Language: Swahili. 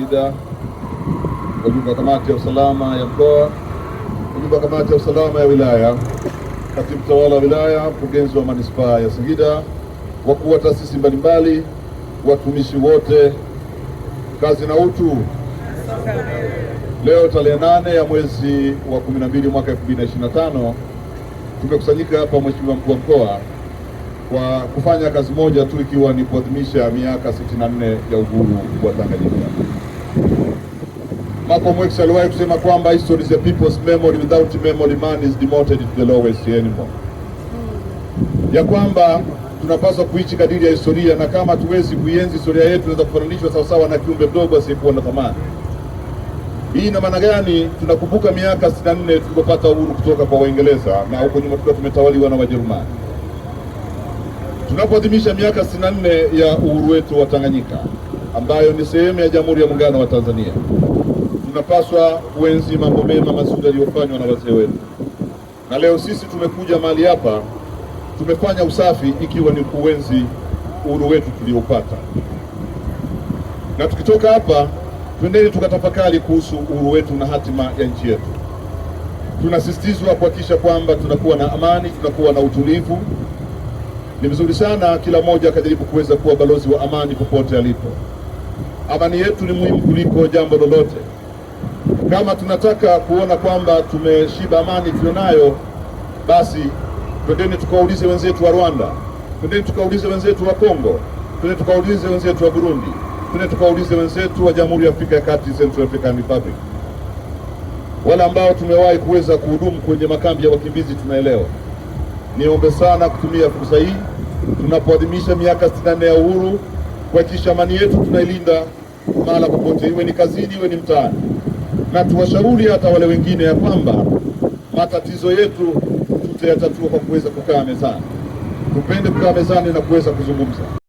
Singida, wajumbe wa kamati ya usalama ya mkoa, wajumbe wa kamati ya usalama ya wilaya, katibu tawala wa wilaya, mkurugenzi wa manispaa ya Singida, wakuu wa taasisi mbalimbali, watumishi wote, kazi na utu. Leo tarehe nane ya mwezi wa 12 mwaka 2025 tumekusanyika hapa, Mheshimiwa mkuu wa mkoa, kwa kufanya kazi moja tu, ikiwa ni kuadhimisha miaka 64 ya uhuru wa Tanganyika. Malcolm X aliwahi kusema kwamba history is a people's memory, without memory man is demoted to the lowest animal, hmm. ya kwamba tunapaswa kuishi kadiri ya historia, na kama tuwezi kuienzi historia yetu tunaweza kufananishwa sawasawa na kiumbe mdogo asiyekuwa na thamani. Hii ina maana gani? Tunakumbuka miaka 64 tulipopata uhuru kutoka kwa Waingereza, na huko nyuma tulikuwa tumetawaliwa na Wajerumani. Tunapoadhimisha miaka 64 ya uhuru wetu wa Tanganyika ambayo ni sehemu ya Jamhuri ya Muungano wa Tanzania tunapaswa kuenzi mambo mema mazuri yaliyofanywa na wazee wetu, na leo sisi tumekuja mahali hapa, tumefanya usafi ikiwa ni kuenzi uhuru wetu tuliopata, na tukitoka hapa, twendeni tukatafakari kuhusu uhuru wetu na hatima ya nchi yetu. Tunasisitizwa kuhakikisha kwamba tunakuwa na amani, tunakuwa na utulivu. Ni vizuri sana kila mmoja akajaribu kuweza kuwa balozi wa amani popote alipo. Amani yetu ni muhimu kuliko jambo lolote. Kama tunataka kuona kwamba tumeshiba amani tulionayo, basi twendeni tukaulize wenzetu wa Rwanda, twendeni tukaulize wenzetu wa Kongo, twendeni tukaulize wenzetu wa Burundi, twendeni tukaulize wenzetu wa Jamhuri ya Afrika ya Kati, Central African Republic. Wale ambao tumewahi kuweza kuhudumu kwenye makambi ya wakimbizi tunaelewa. Niombe sana kutumia fursa hii tunapoadhimisha miaka 64 ya uhuru kuhakikisha amani yetu tunailinda mahala popote, iwe ni kazini, iwe ni mtaani na tuwashauri hata wale wengine ya kwamba matatizo yetu tutayatatua kwa kuweza kukaa mezani. Tupende kukaa mezani na kuweza kuzungumza.